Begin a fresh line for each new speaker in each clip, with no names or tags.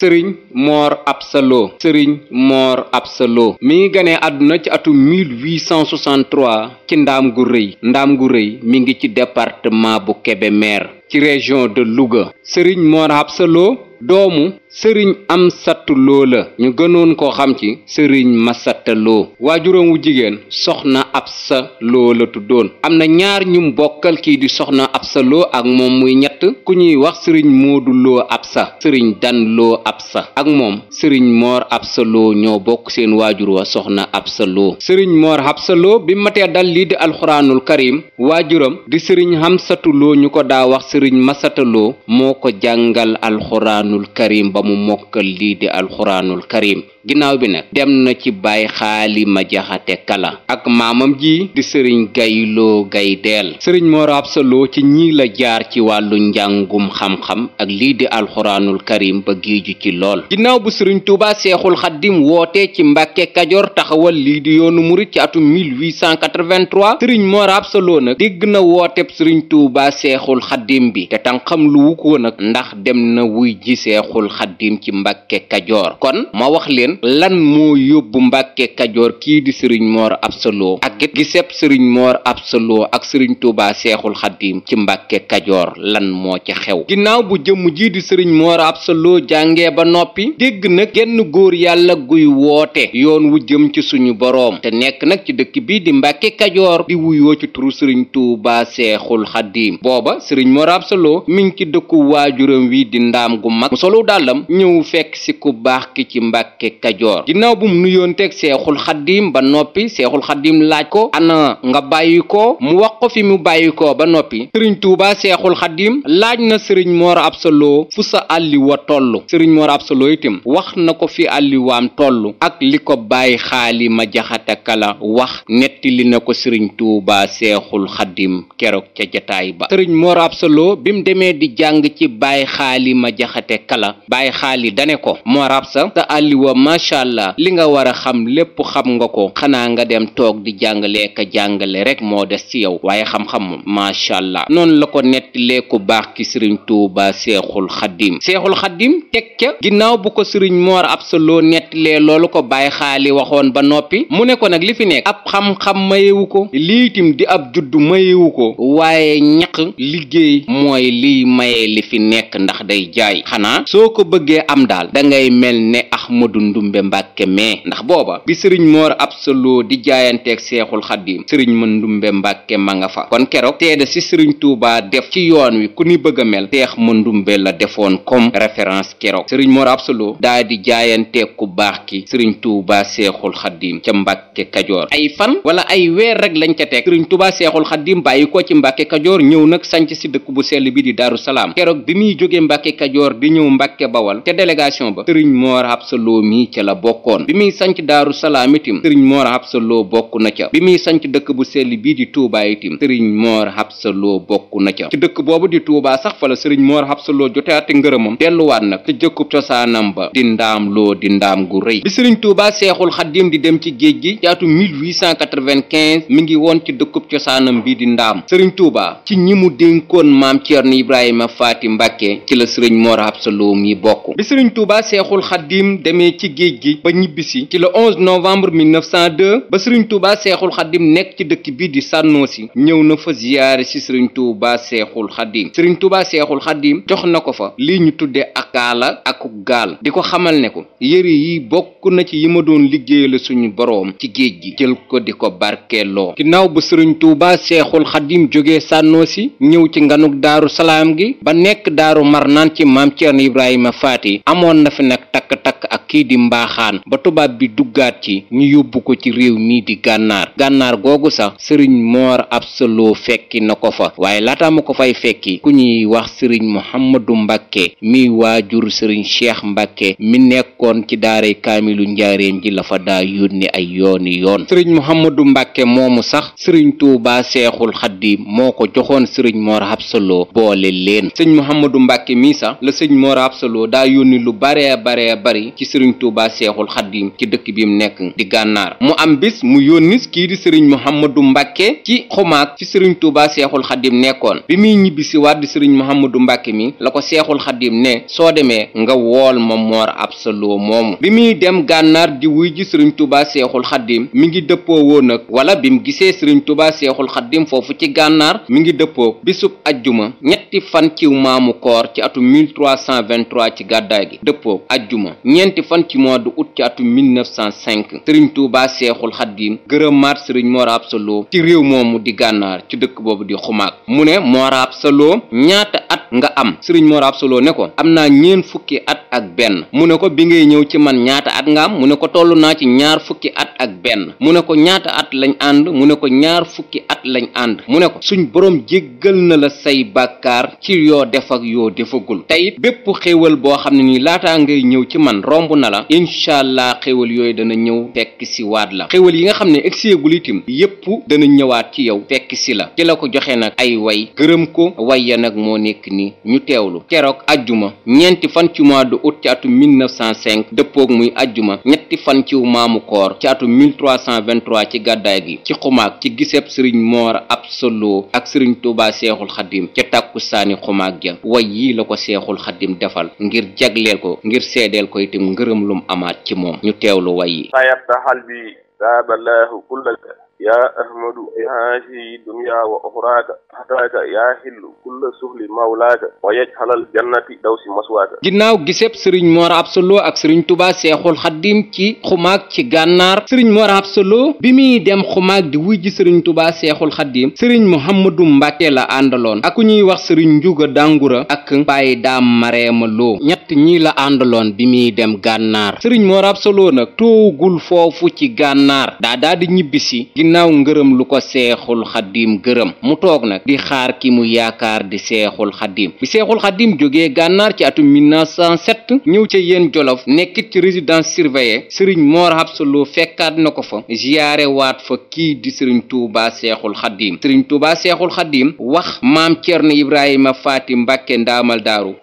sëriñ moor absa lo sëriñ moor absa lo mi ngi gane àdduna ci atum 1863 ci ndaam gu rëy ndaam gu rëy mi ngi ci département bu Kébémer ci région de Louga sëriñ moor ab lo doomu sëriñ Amsatu Lo la ñu gënoon koo xam ci sëriñ Masata Lo waajuram wu jigéen soxna Absa Lo la tuddoon am na ñaar ñum bokkal kii di soxna Absa Lo ak moom muy ñett ku ñuy wax sëriñ Moodu Lo Absa sëriñ Dan Lo Absa ak moom sëriñ Moor Absa Lo ñoo bokk seen waajur wa soxna Absa Lo sëriñ Moor Absa Lo bi matee dal lii di alxuraanul karim waajuram di sëriñ Amsatu Lo ñu ko daa wax sëriñ Masata Lo moo ko jàngal alxuraan alquranul karim ba mu mokkal lii di alquranul karim ginnaaw bi nag dem na ci baay xaali ma jaxate kala ak maamam ji di sëriñ gayloo gay deel sëriñ Mor Absa ci ñi la jaar ci wàllu njàngum xam-xam ak lii di alxuraanul karim ba géeju ci lool ginnaaw bu sëriñ Touba seexul xaddim woote ci mbàkke kajoor taxawal lii di yoonu murit ci atum 1883 sëriñ Mor Absa Lo nag dégg na wooteb sëriñ Touba seexul xaddim bi te tànxam lu wu nag ndax dem na wuy ji seexul xaddim ci mbàkke kajoor kon ma wax leen lan moo yóbbu mbàkke kajoor kii di sëriñ moor absa sëloo ak it giseb sëriñ moor absa lo ak sëriñ tuubaa seexul xaddiim ci mbàkke kajoor lan moo ci xew ginnaaw bu jëmm jii di sëriñ moor absa lo jàngee ba noppi dégg nag genn góor yàlla guy woote yoon wu jëm ci suñu boroom te nekk nag ci dëkk bii di mbàkke kajoor di wuyoo ci turu sëriñ tuubaa seexul xaddiim booba sëriñ moor absa lo mi ci dëkku waajuram wi di ndaam gu mag mu solu dàllam ñëw fekk si ku baax ki ci mbàkke Kajoor ginnaaw bu mu nuyoon teg seexul xaddiim ba noppi seexul xaddiim laaj ko ana nga bàyyi ko mu wax ko fi mu bàyyi ko ba noppi sëriñ tuuba seexul xaddiim laaj na sëriñ moor absa loo fu sa àlli wa toll sëriñ moor absa loo itam wax na ko fi àlli waam ak li ko bàyyi xaali ma jaxata kala wax netti li na ko sëriñ tuuba seexul xaddiim keroog ca jataay ba sëriñ moor absa loo bi mu demee di jàng ci bàyyi xaali ma jaxate kala bàyyi xaali dane ko moor absa sa àlli wa macha allah li nga war a xam lépp xam nga ko xanaa nga dem toog di jàngale ka jàngale rek moo des ci yow waaye xam-xam moom macha allah noonu la ko nettalee ku baax ki sëriñ tuuba seexul xaddim seexul xaddim teg ca ginnaaw bu ko sëriñ moor absolo nettalee loolu ko bàyyi xaali waxoon ba noppi mu ne nag li fi nekk ab xam-xam ko liitim di ab juddu mayewu ko waaye ñaq liggéey mooy liy maye li fi nekk ndax day jaay xanaa soo ko bëggee am daal dangay mel ne Ahmadu mandumbe mbàkke mais ndax booba bi sëriñ moor absolu di jaayanteeg seexul xaddim sëriñ mandumbe mbàkke ma nga fa kon keroog teede si sëriñ tuubaa def ci yoon wi ku ni bëgg a mel seex mandumbe la defoon comme référence keroog sëriñ moor absolu daa di jaayanteeg ku baax ki sëriñ tuubaa seexul xaddim ca mbàkke kajoor ay fan wala ay weer rek lañ ca teg sëriñ tuubaa seexul xaddim bàyyi ko ci mbàkke kajoor ñëw nag sanc si dëkk bu sell bi di daaru salaam keroog bi muy jógee ba mi ca la bokkoon bi muy sanc daaru itim sëriñ moor xabsa bokk na ca bi muy sanc dëkk bu sell bii di tuubaa itim sëriñ moor xabsa loo bokk na ca ci dëkk boobu di tuubaa sax fa la sëriñ moor xabsa loo jotaate ngërëmam delluwaat nag te jëkkub cosaanam ba di ndaam loo di ndaam gu rëy bi sëriñ tuubaa seexul xaddim di dem ci géej gi jaatu 1895 mi ngi woon ci dëkkub cosaanam bii di ndaam sëriñ tuubaa ci ñi mu dénkoon maam ceerno ibrahima faati mbàkke ci la sëriñ moor xabsa loo bokk géej gi ba ñibbisi ci le 11 novembre 1902 ba sëriñ Touba Seexul Xadim nekk ci dëkk bi di Sànnoosi ñëw na fa ziyaare si sëriñ Touba Seexul Xadim sëriñ Touba Seexul xaddim jox na ko fa lii ñu tuddee akaala ak gaal di ko xamal ne ko yëre yi bokk na ci yi ma doon liggéeyale suñu boroom ci géej gi jël ko di ko barkeeloo ginnaaw ba sëriñ Touba Seexul Xadim jógee Sànnoosi ñëw ci nganuk Daaru Salaam gi ba nekk Daaru Marnaan ci maam Ceerno Ibrahima Faati amoon na kii di mbaaxaan ba tubaab bi duggaat ci ñu yóbbu ko ci réew mii di gànnaar gànnaar googu sax sëriñ moor absa loo fekki na ko fa waaye laata mu ko fay fekki ku ñuy wax sëriñ muhammadu mbàkke miy waajur sëriñ cheikh mbàkke mi nekkoon ci daaray kaamilu njaareem ji la fa daa yónni ay yooni yoon sëriñ muhammadu mbàkke moomu sax sëriñ tuubaa seexul xaddi moo ko joxoon sëriñ moor absa loo boole sëñ muhammadu mbàkke mii sax la sëñ moor daa yónni lu bare bare bari ci sëriñ Touba Seexul Xaddim ci dëkk bi mu nekk di gànnaar mu am bis mu yónni kii di sëriñ Mouhamadou Mbacke ci xumaak fi sëriñ Touba Seexul Xaddim nekkoon bi muy ñibbisi waat di sëriñ Mouhamadou mbàkke mi la ko Seexul Xaddim ne soo demee nga wool ma moor ab sa loo moomu bi muy dem gànnaar di wuy ji sëriñ Touba Seexul Xaddim mi ngi dëppoo woon ak wala bi mu gisee sëriñ Touba Seexul Xaddim foofu ci gànnaar mi ngi dëppoo bisub ajjuma ñetti fan ciw maamu koor ci atum 1323 ci gàddaay gi fan ci mois de août ci atum 1905 sëriñ Touba Seexul Xaddiim gërëmaat sëriñ Mor Absa Lo ci réew moomu di gànnaar ci dëkk boobu di xumaag mu ne Mor Absa Lo ñaata at nga am sëriñ Mor Absa ne ko am naa ñeen fukki at ak benn mu ne ko bi ngay ñëw ci man ñaata at nga mu ne ko toll naa ci ñaar fukki at ak benn mu ne ko ñaata at lañ ànd mu ne ko ñaar fukki at lañ ànd mu ne ko suñ borom jéggal na la say bàkkaar ci yoo def ak yoo defagul tey bépp xéewal boo xam ne nii laataa ngay ñëw ci man romb na la incha allah xéewal yooyu dana ñëw fekk si waat la xéewal yi nga xam ne egseegul itam yépp dana ñëwaat ci yow fekk si la ci la ko joxe nag ay way gërëm ko way ya nag moo nekk ni ñu teewlu keroog ajjuma ñeenti fan ci mois de août ci atum 1905 dëppoog muy ajjuma ñetti fan ciw maamu koor ci atum 1323 ci gàddaay gi ci xumaag ci giseb sëriñ moor absolo ak sëriñ tuubaa seexul xadim ca tàkku saani xumaag ja way yi la ko seexul xadim defal ngir jagleel ko ngir seedeel ko itam ngërëm lum amaat ci moom ñu teewlu way yi يا أحمد يا في دنيا وأخراك حتاك يا حل كل سهل مولاك ويجعل الجنة دوس مسواك ginnaaw giseb sëriñ Mor Absa Lo ak sëriñ Touba Seexul Xaddim ci xumaag ci gànnaar sëriñ Mor Absa Lo bi muy dem xumaag di wuy ji sëriñ Touba Seexul Xaddim sëriñ Mouhamadou Mbacke la àndaloon ak ku ñuy wax sëriñ Njuga Dangura ak Baye Daam Mareema Lo te ñi la àndaloon bi muy dem gànnaar sëriñ Mor Absa Lo nag toogul foofu ci gànnaar daa daa di ñibbisi ginnaaw ngërëm lu ko seexul xaddiim gërëm mu toog nag di xaar ki mu yaakaar di seexul xaddiim bi seexul xaddiim jógee gànnaar ci atum 1907 ñëw ca yéen jolof nekkit ci résidence surveillée sëriñ Mor Absa Lo fekkaat na ko fa ziyaare waat fa kii di sëriñ Touba seexul xaddiim sëriñ Touba seexul xaddiim wax maam Cerno Ibrahima Faati Mbàkke ndaamal daaru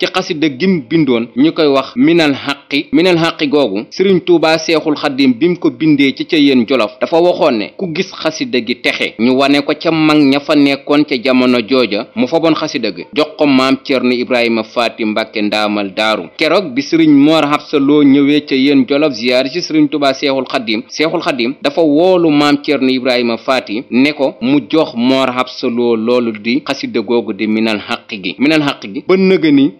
bindoon ñu koy wax minal xaqi minal xaqi googu sëriñ tuubaa seexul xaddim bi mu ko bindee ci ca yéen jolof dafa waxoon ne ku gis xasida gi texe ñu wane ko ca mag ña fa nekkoon ca jamono jooja mu faboon xasida gi jox ko maam cerno ibrahima faati mbàkke ndaamal daaru keroog bi sëriñ moor xabsa loo ñëwee ca yéen jolof ziyaar ci sëriñ tuubaa seexul xaddim seexul xaddim dafa woolu maam cerno ibrahima faati ne ko mu jox moor xabsa loolu di xasida googu di minal xaqi gi minal xaqi gi ba nëga ni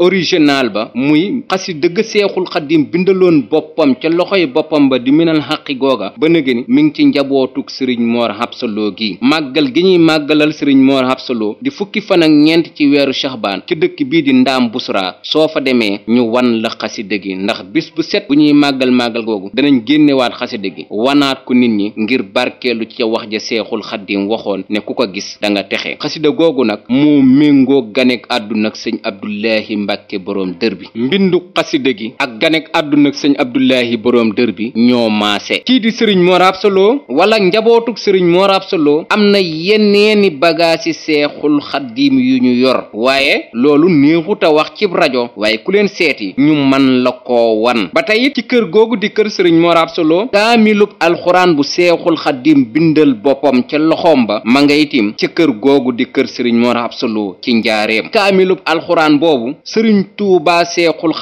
ba muy xasi dëgg seexul xaddim bindaloon boppam ca yi boppam ba di minal xaqi googa ba nëgë ni mi ngi ci njabootug sëriñ moor habsaloo gi màggal gi ñuy màggalal sëriñ moor habsaloo di fukki fan ak ñeent ci weeru saxbaan ca dëkk bii di ndaam busra soo fa demee ñu wan la xasida gi ndax bés bu set bu ñuy màggal màggal googu danañ génnewaat xasida gi wanaat ku nit ñi ngir barkeelu ci wax ja seexul xaddim waxoon ne ku ko gis da nga texe xasida googu nag moo méngoo ganek àdduna ak sëñ abdullahi mbàkke boroom dër bi bindu xasida gi ak ganek àdduna ak sëñ abdullahi boroom dër bi ñoo maase kii di sëriñ Mor Absa Lo wala njabootuk sëriñ Mor Absa Lo am na yeneeni bagaasi seexul xaddiim yu ñu yor waaye loolu neexut a wax ci rajo waaye ku leen seeti ñu man la ko wan ba tey it ci kër googu di kër sëriñ Mor Absa Lo kaamilub alxuraan bu seexul xaddiim bindal boppam ca loxoom ba ma nga itim ci kër googu di kër sëriñ Mor Absa ci njaareem kaamilub alxuraan boobu sëriñ Tuubaa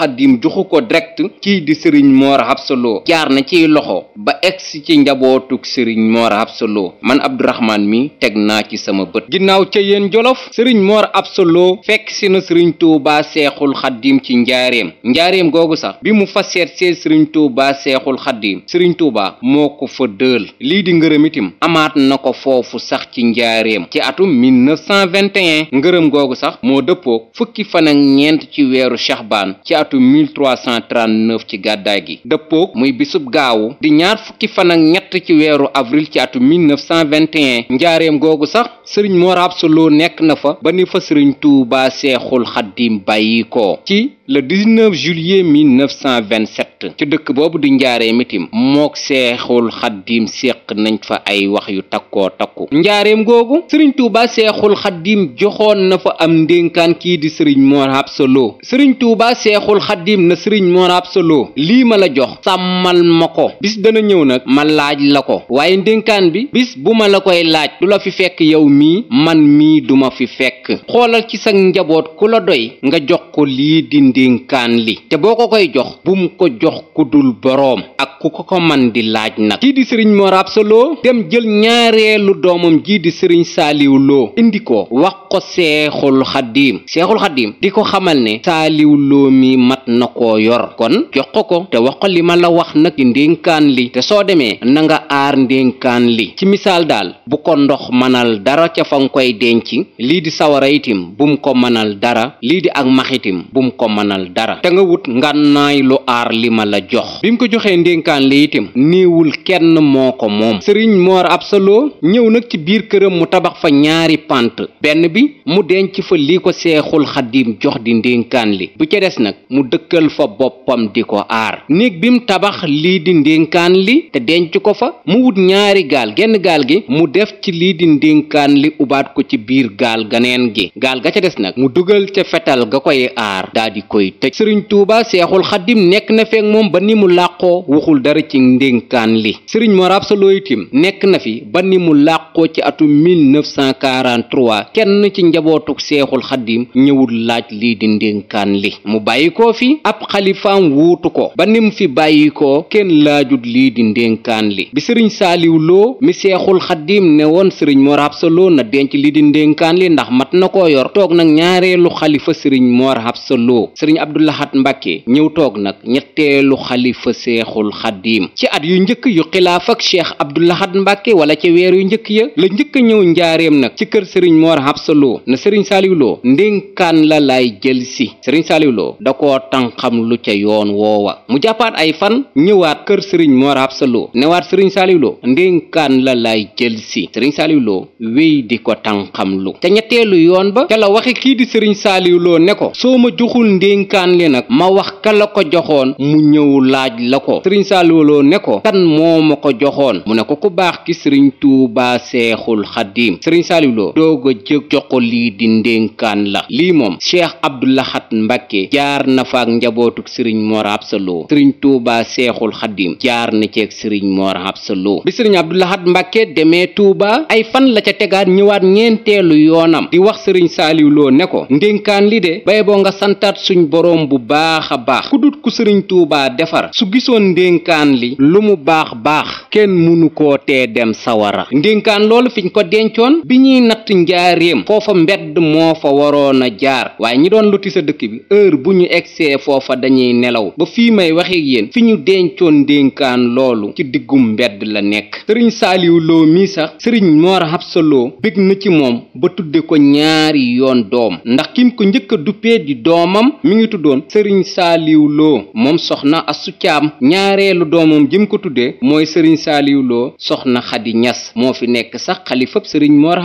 xaddim joxu ko direct kii di sëriñ moor habsaloo jaar na ciy loxo ba egsi ci njabootug sëriñ moor habsaloo man abdourahman mi teg naa ci sama bët ginnaaw ca yéen jolof sëriñ moor habsaloo fekk si na sëriñ tuubaa seexul xaddim ci njaareem njaareem googu sax bi mu fa seet see sëriñ tuubaa seexul xaddim sëriñ tuubaa moo ko fa dël lii di ngërëm itim amaat na ko foofu sax ci njaareem ci atum 1921 ngërëm googu sax moo dëppoo fukki fan ñeent ci weeru shaxbaan atum 1339 ci gàddaay gi dëppook muy bisub gaawu di ñaar fukki fan ak ñett ci weeru avril ci atum 1921 njaareem googu sax sëriñ Mor Absa Lo nekk na fa ba ni fa sëriñ Tuubaa Seexul Xaddim bàyyi ko ci le 19 juillet 1927 ci dëkk boobu di njaareem itim mook seexul xaddiim séq nañ fa ay wax yu takkoo takku njaareem googu sëriñ tuuba seexul xaddiim joxoon na fa am ndénkaan kii di sëriñ Mor Absa Lo sëriñ tuuba seexul xaddiim na sëriñ Mor Absa Lo lii ma la jox sàmmal ma ko bis dana ñëw nag ma laaj la ko waaye ndénkaan bi bis bu ma la koy laaj du la fi fekk yow mii man mii duma fi fekk xoolal ci sa njaboot ku la doy nga jox ko lii dindi kan li te boo ko koy jox bum ko jox ku dul boroom ku ko ko man di laaj nag kii di sëriñ Mor Absa Lo dem jël ñaareelu doomam jii di sëriñ Saaliw loo indi ko wax ko seexul xaddiim seexul xaddiim di ko xamal ne Saaliw loo mi mat na ko yor kon jox ko ko te wax ko li ma la wax nag ci ndénkaan li te soo demee nanga nga aar ndénkaan li ci misaal daal bu ko ndox manal dara ca fa koy denc lii di sawara itim bum ko manal dara lii di ak maxitim bum ko manal dara te nga wut ngànnaay lu aar li la jox dëkkaan la itam néewul kenn moo ko moom sëriñ moor absa lo ñëw nag ci biir këram mu tabax fa ñaari pànt benn bi mu denc fa li ko seexul xadim jox di ndénkaan li bu ca des nag mu dëkkal fa boppam di ko aar néeg bi mu tabax lii di ndénkaan li te denc ko fa mu wut ñaari gaal genn gaal gi mu def ci lii di ndénkaan li ubaat ko ci biir gaal ganeen gi gaal ga ca des nag mu dugal ca fetal ga koy aar daa koy tëj sëriñ tuuba seexul xadim nekk na feek moom ba ni amul dara ci ndénkaan li sëriñ Mor Absa Lo itim nekk na fi ba ni mu làqoo ci atum 1943 kenn ci njabootug seexul xaddim ñëwul laaj lii di ndénkaan li mu bàyyi ko fi ab xalifaam wuutu ko ba ni mu fi bàyyi ko kenn laajut lii di ndénkaan li bi sëriñ saaliw loo mi seexul xaddim ne woon sëriñ Mor Absa Lo na denc lii di ndénkaan li ndax mat na ko yor toog nag ñaareelu xalifa sëriñ Mor Absa sëriñ Abdou Lahad ñëw toog nag ñetteelu xalifa seexul xaddim xaddiim ci at yu njëkk yu xilaaf ak cheikh abdoulahat mbàkke wala ci weer yu njëkk ya la njëkk a ñëw njaareem nag ci kër sëriñ moor xabsa loo na sëriñ saaliw loo la laay jël si sëriñ saaliw loo da koo tànxam lu ca yoon woowa mu jàppaat ay fan ñëwaat kër sëriñ moor xabsa loo newaat sëriñ saaliw loo ndénkaan la laay si sëriñ saaliw loo wéy di ko tànxam lu ca ñetteelu yoon ba ca la waxe kii di sëriñ saaliw loo ko soo ma joxul ndénkaan li nag ma wax ka la ko joxoon mu ñëw laaj la ko sëriñ fàlluloo ne ko kan moo ma ko joxoon mu ne ko ku baax ki sëriñ tuubaa seexul xaddiim sëriñ saaliloo doog a jëg jox lii di ndénkaan la lii moom cheikh abdulahat mbàkke jaar na fa ak njabootuk sëriñ mor absa loo sëriñ tuubaa seexul xaddiim jaar na ceeg sëriñ mor absa loo bi sëriñ abdulahat mbàkke demee tuubaa ay fan la ca tegaat ñëwaat ñeenteelu yoonam di wax sëriñ saaliloo ne ko ndénkaan li de bay boo nga santaat suñ boroom bu baax a baax ku ndénkaan li lu mu baax baax kenn munu ko tee dem sawara ndénkaan loolu fiñ ko dencoon bi ñuy natt njaareem foofa mbedd moo fa waroon a jaar waaye ñi doon loti sa dëkk bi heure bu ñu egsee foofa dañuy nelaw ba fii may waxe yéen fi ñu dencoon dénkaan loolu ci diggum mbedd la nekk sëriñ saaliw loo mii sax sëriñ a habsaloo bég na ci moom ba tudde ko ñaari yoon doom ndax kim ko njëkk a duppee di doomam mu ngi tuddoon sëriñ saaliw moom soxna asu caam ñaareelu doomam jëm ko tuddee mooy sëriñ saaliw soxna xadi ñas moo fi nekk sax xalifab sëriñ moor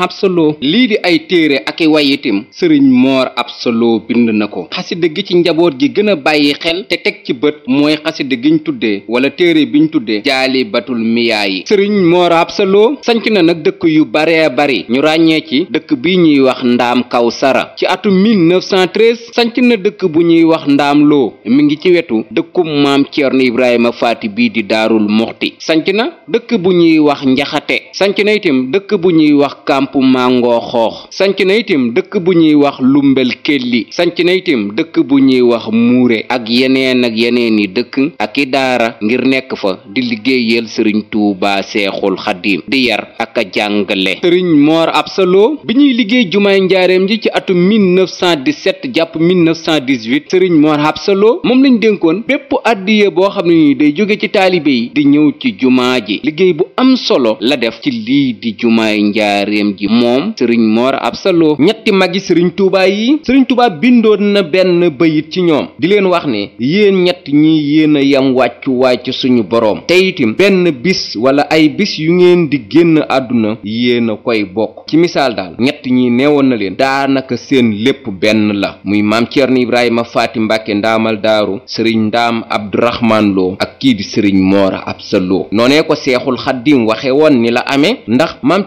lii di ay téere ak i way itam sëriñ moor absolo bind na ko xasida gi ci njaboot gi gën a bàyyi xel te teg ci bët mooy xasida ñu tuddee wala téere biñ tuddee jaali batul miyaa yi sëriñ moor absolo sanc na nag dëkk yu baree bari ñu ràññee ci dëkk bi ñuy wax ndaam kawsara ci atum 1913 sanc na dëkk bu ñuy wax ndaam loo mi ngi ci wetu dëkkum maam Ceerno Ibrahima Faati bii di daarul moxti sanc na dëkk bu ñuy wax njaxate sanc na itam dëkk bu ñuy wax kampu nangoo xoox sanc na itam dëkk bu ñuy wax lumbel kelli sanc na itam dëkk bu ñuy wax muure ak yeneen ak yeneen i dëkk ak i daara ngir nekk fa di liggéeyal sëriñ tuuba seexul xadim di yar ak a jàngale sëriñ moor absalo bi ñuy liggéey jumaay njaareem ji ci atum 1917 jàpp 1918 sëriñ moor absalo moom lañ dénkoon bépp addiye boo xam ne ni day jóge ci taalibe yi di ñëw ci jumaa ji liggéey bu am solo la def ci lii di jumaay njaareem ji moom doomam sëriñ moor absalo ñetti magi sëriñ tuubaa yi sëriñ tuubaa bindoon na benn bayit ci ñoom di leen wax ne yéen ñett ñi yéen a yam wàccuwaay ci suñu boroom te itim benn bis wala ay bis yu ngeen di génn àdduna yéen a koy bokk ci misaal daal ñett ñi neewoon na leen daanaka seen lépp benn la muy maam ni Ibrahima Faati Mbàkke ndaamal daaru sëriñ ndaam Abdurahmaan Lo ak kii di sëriñ moora absalo noonee ko seexul xaddim waxe woon ni la amee ndax maam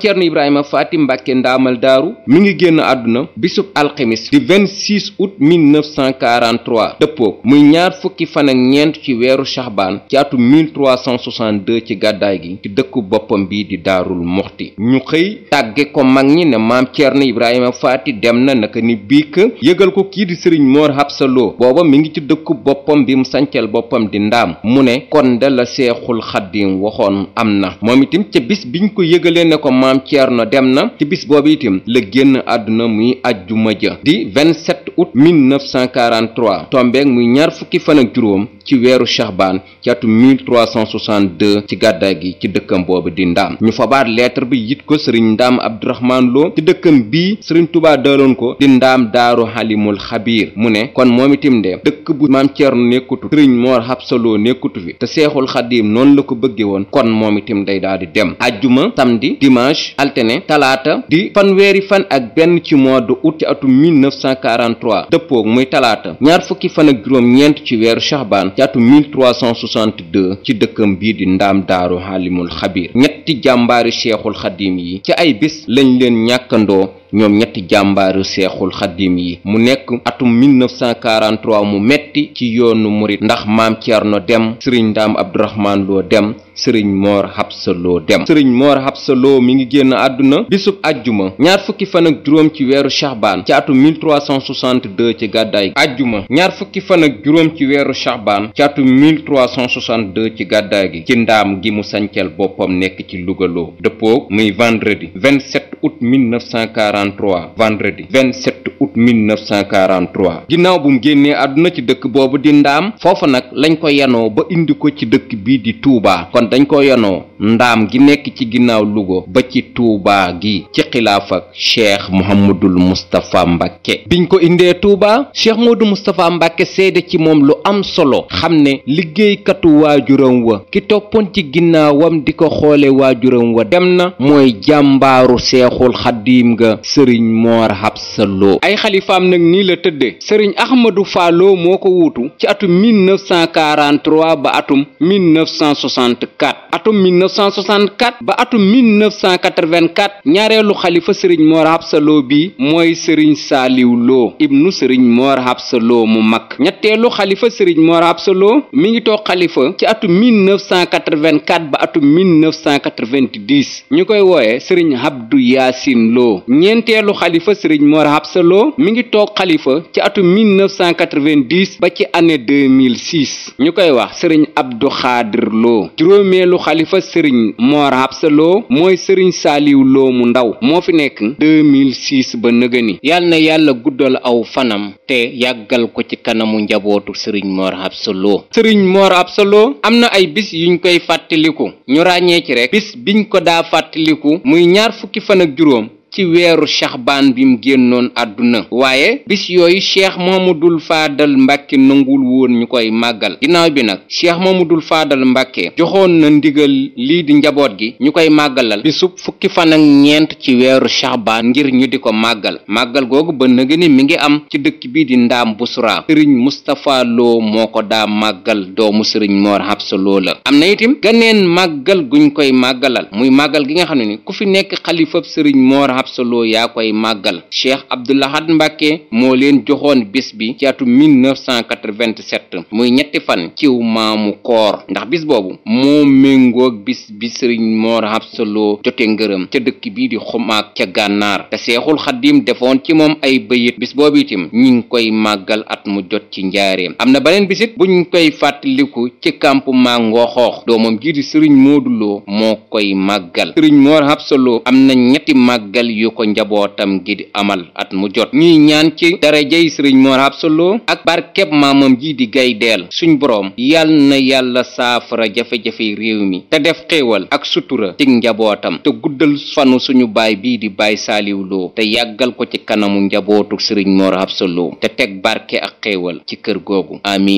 ndaamal daaru mu ngi génn àdduna bisub alxemis di 26 août 1943 dëppook muy ñaar fukki fan ak ñeent ci weeru shaxbaan ci atu 1362 ci gàddaay gi ci dëkku boppam bii di daarul muxti ñu xëy tàgge ko mag ñi ne maam na Ibrahima Faati dem na naka ni biik yëgal ko kii di sëriñ Moor Habsa Lo booba mi ngi ci dëkku boppam bi mu sancal boppam di ndaam mu ne kon da la seexul xaddim waxoon am na moom itam ca bis biñ ko yëgalee ne ko maam Ceerno dem na ci bis boo boobu itam la génn àdduna muy ajjuma ja di 27 août 1943 tombeeg muy ñaar fukki fan ak juróom ci weeru Shahban ci atu 1362 ci gàddaay gi ci dëkkam boobu di ndaam ñu fabaat lettre bi yit ko sëriñ ndaam Abdourahman Lo ci dëkkam bii sëriñ Tuubaa daaloon ko di ndaam daaru xalimul xabiir mu ne kon moom itam de dëkk bu maam Ceerno nekkutu sëriñ Moor Habsaloo nekkutu fi te seexul xadiim noonu la ko bëggee woon kon moom itam day daal di dem ajjuma samedi dimanche altene talaata ci fanweeri fan ak benn ci mois de août ci atum 1943 dëppoog muy talaata ñaar fukki fan ak juróom-ñeent ci weeru shaxbaan ci atum 1362 ci dëkkam bii di ndaam daaru xaalimul xabiir ñetti jàmbaari cheikhul xadim yi ci ay bés lañ leen ñàkkandoo ñoom ñetti jàmbaaru seexul xaddim yi mu nekk atum 1943 mu metti ci yoonu murit ndax maam Thierno dem sëriñ Ndaam Abdourahman Lo dem sëriñ Moor Habsa Lo dem sëriñ Moor Habsa Lo mi ngi génn àdduna bisub ajjuma ñaar fukki fan ak juróom ci weeru Shahbaan ci atum 1362 ci gàddaay ajjuma ñaar fukki fan ak juróom ci weeru Shahbaan ci atum 1362 ci gàddaay gi ci ndaam gi mu sañcal boppam nekk ci Louga Lo dëppoo muy vendredi 27 août 1940 1943 vendredi 27 août 1943 ginnaaw bu mu génnee àdduna ci dëkk boobu di ndaam foofa nag lañ ko yenoo ba indi ko ci dëkk bii di Touba kon dañ ko yenoo ndaam gi nekk ci ginnaaw Louga ba ci tuubaa gi ci xilaaf ak Cheikh Mouhamadul Moustapha Mbacke biñ ko indee Touba Cheikh Modou Moustapha Mbacke seede ci moom lu am solo xam ne liggéeykatu waajuram wa ki toppoon ci ginnaawam di ko xoole waajuram wa dem na mooy jàmbaaru Seexul Xaddiim nga sëriñ moor xabsa loo ay xalifaam nag nii la tëddee sëriñ axmadu faaloo moo ko wuutu ci atum 1943 ba atum 1964 atum 1964 ba atum 1984 ñaareelu xalifa sëriñ moor xabsa loo bi mooy sëriñ saaliw loo ibnu sëriñ moor xabsa mu mag ñetteelu xalifa sëriñ moor xabsa loo mi ngi toog xalifa ci atum 1984 ba atum 1990 ñu koy wooye sëriñ abdu yaasin loo ñeenteelu xalifa sëriñ Mor Absa Lo mi ngi toog xalifa ci atum 1990 ba ci année 2006 ñu koy wax sëriñ Abdou Khadir loo juróomeelu xalifa sëriñ Mor Absa mooy sëriñ Saaliw Lo mu ndaw moo fi nekk 2006 ba nëgëni yal na yàlla guddal aw fanam te yàggal ko ci kanamu njabootu sëriñ Mor Absa Lo sëriñ Mor Absa am na ay bis yuñ koy fàttaliku ñu ràññee ci rek bis biñ ko daa fàttaliku muy ñaar fukki fan ak juróom ci weeru shaxbaan bi mu génnoon àdduna waaye bis yooyu cheikh mamadul faadal mbàkke nangul woon ñu koy màggal ginnaaw bi nag cheikh mamadul faadal mbàkke joxoon na ndigal lii di njaboot gi ñu koy màggalal bisub fukki fan ak ñeent ci weeru shaxbaan ngir ñu di ko màggal màggal googu ba nëgë ni mi ngi am ci dëkk bi di ndaam busra sëriñ mustapha loo moo ko daa màggal doomu sëriñ moor xabsa la am na itim ganeen màggal guñ koy màggalal muy màggal gi nga xam ne ni ku fi nekk xalifab sëriñ moor Habsaloo yaa koy màggal Cheikh Abdoul Ahad Mbacke moo leen joxoon bis bi ci atu 1987 muy ñetti fan ciw maamu koor ndax bis boobu moo méngoog bis bi sëriñ Mor Habsaloo jotee ngërëm ca dëkk bii di xumaak ca gànnaar te seexul xaddim defoon ci moom ay bëyit bis boobu itam ñu ngi koy màggal at mu jot ci njaareem am na beneen bisit buñ koy fàttaliku ci campement Ngoxoox doomam jii di sëriñ moo Lo moo koy màggal sëriñ Mor Habsaloo am na ñetti màggal màggal yu ko njabootam gi di amal at mu jot ñuy ñaan ci darajay sëriñ Mor Absa Lo ak barkeb maamam ji di Gaydel suñ boroom yal na yàlla saafara jafe-jafe réew mi te def xéewal ak sutura ci njabootam te guddal fanu suñu baay bii di baay Saaliw te yàggal ko ci kanamu njabootu sëriñ Mor Absa te teg barke ak xéewal ci kër googu amiin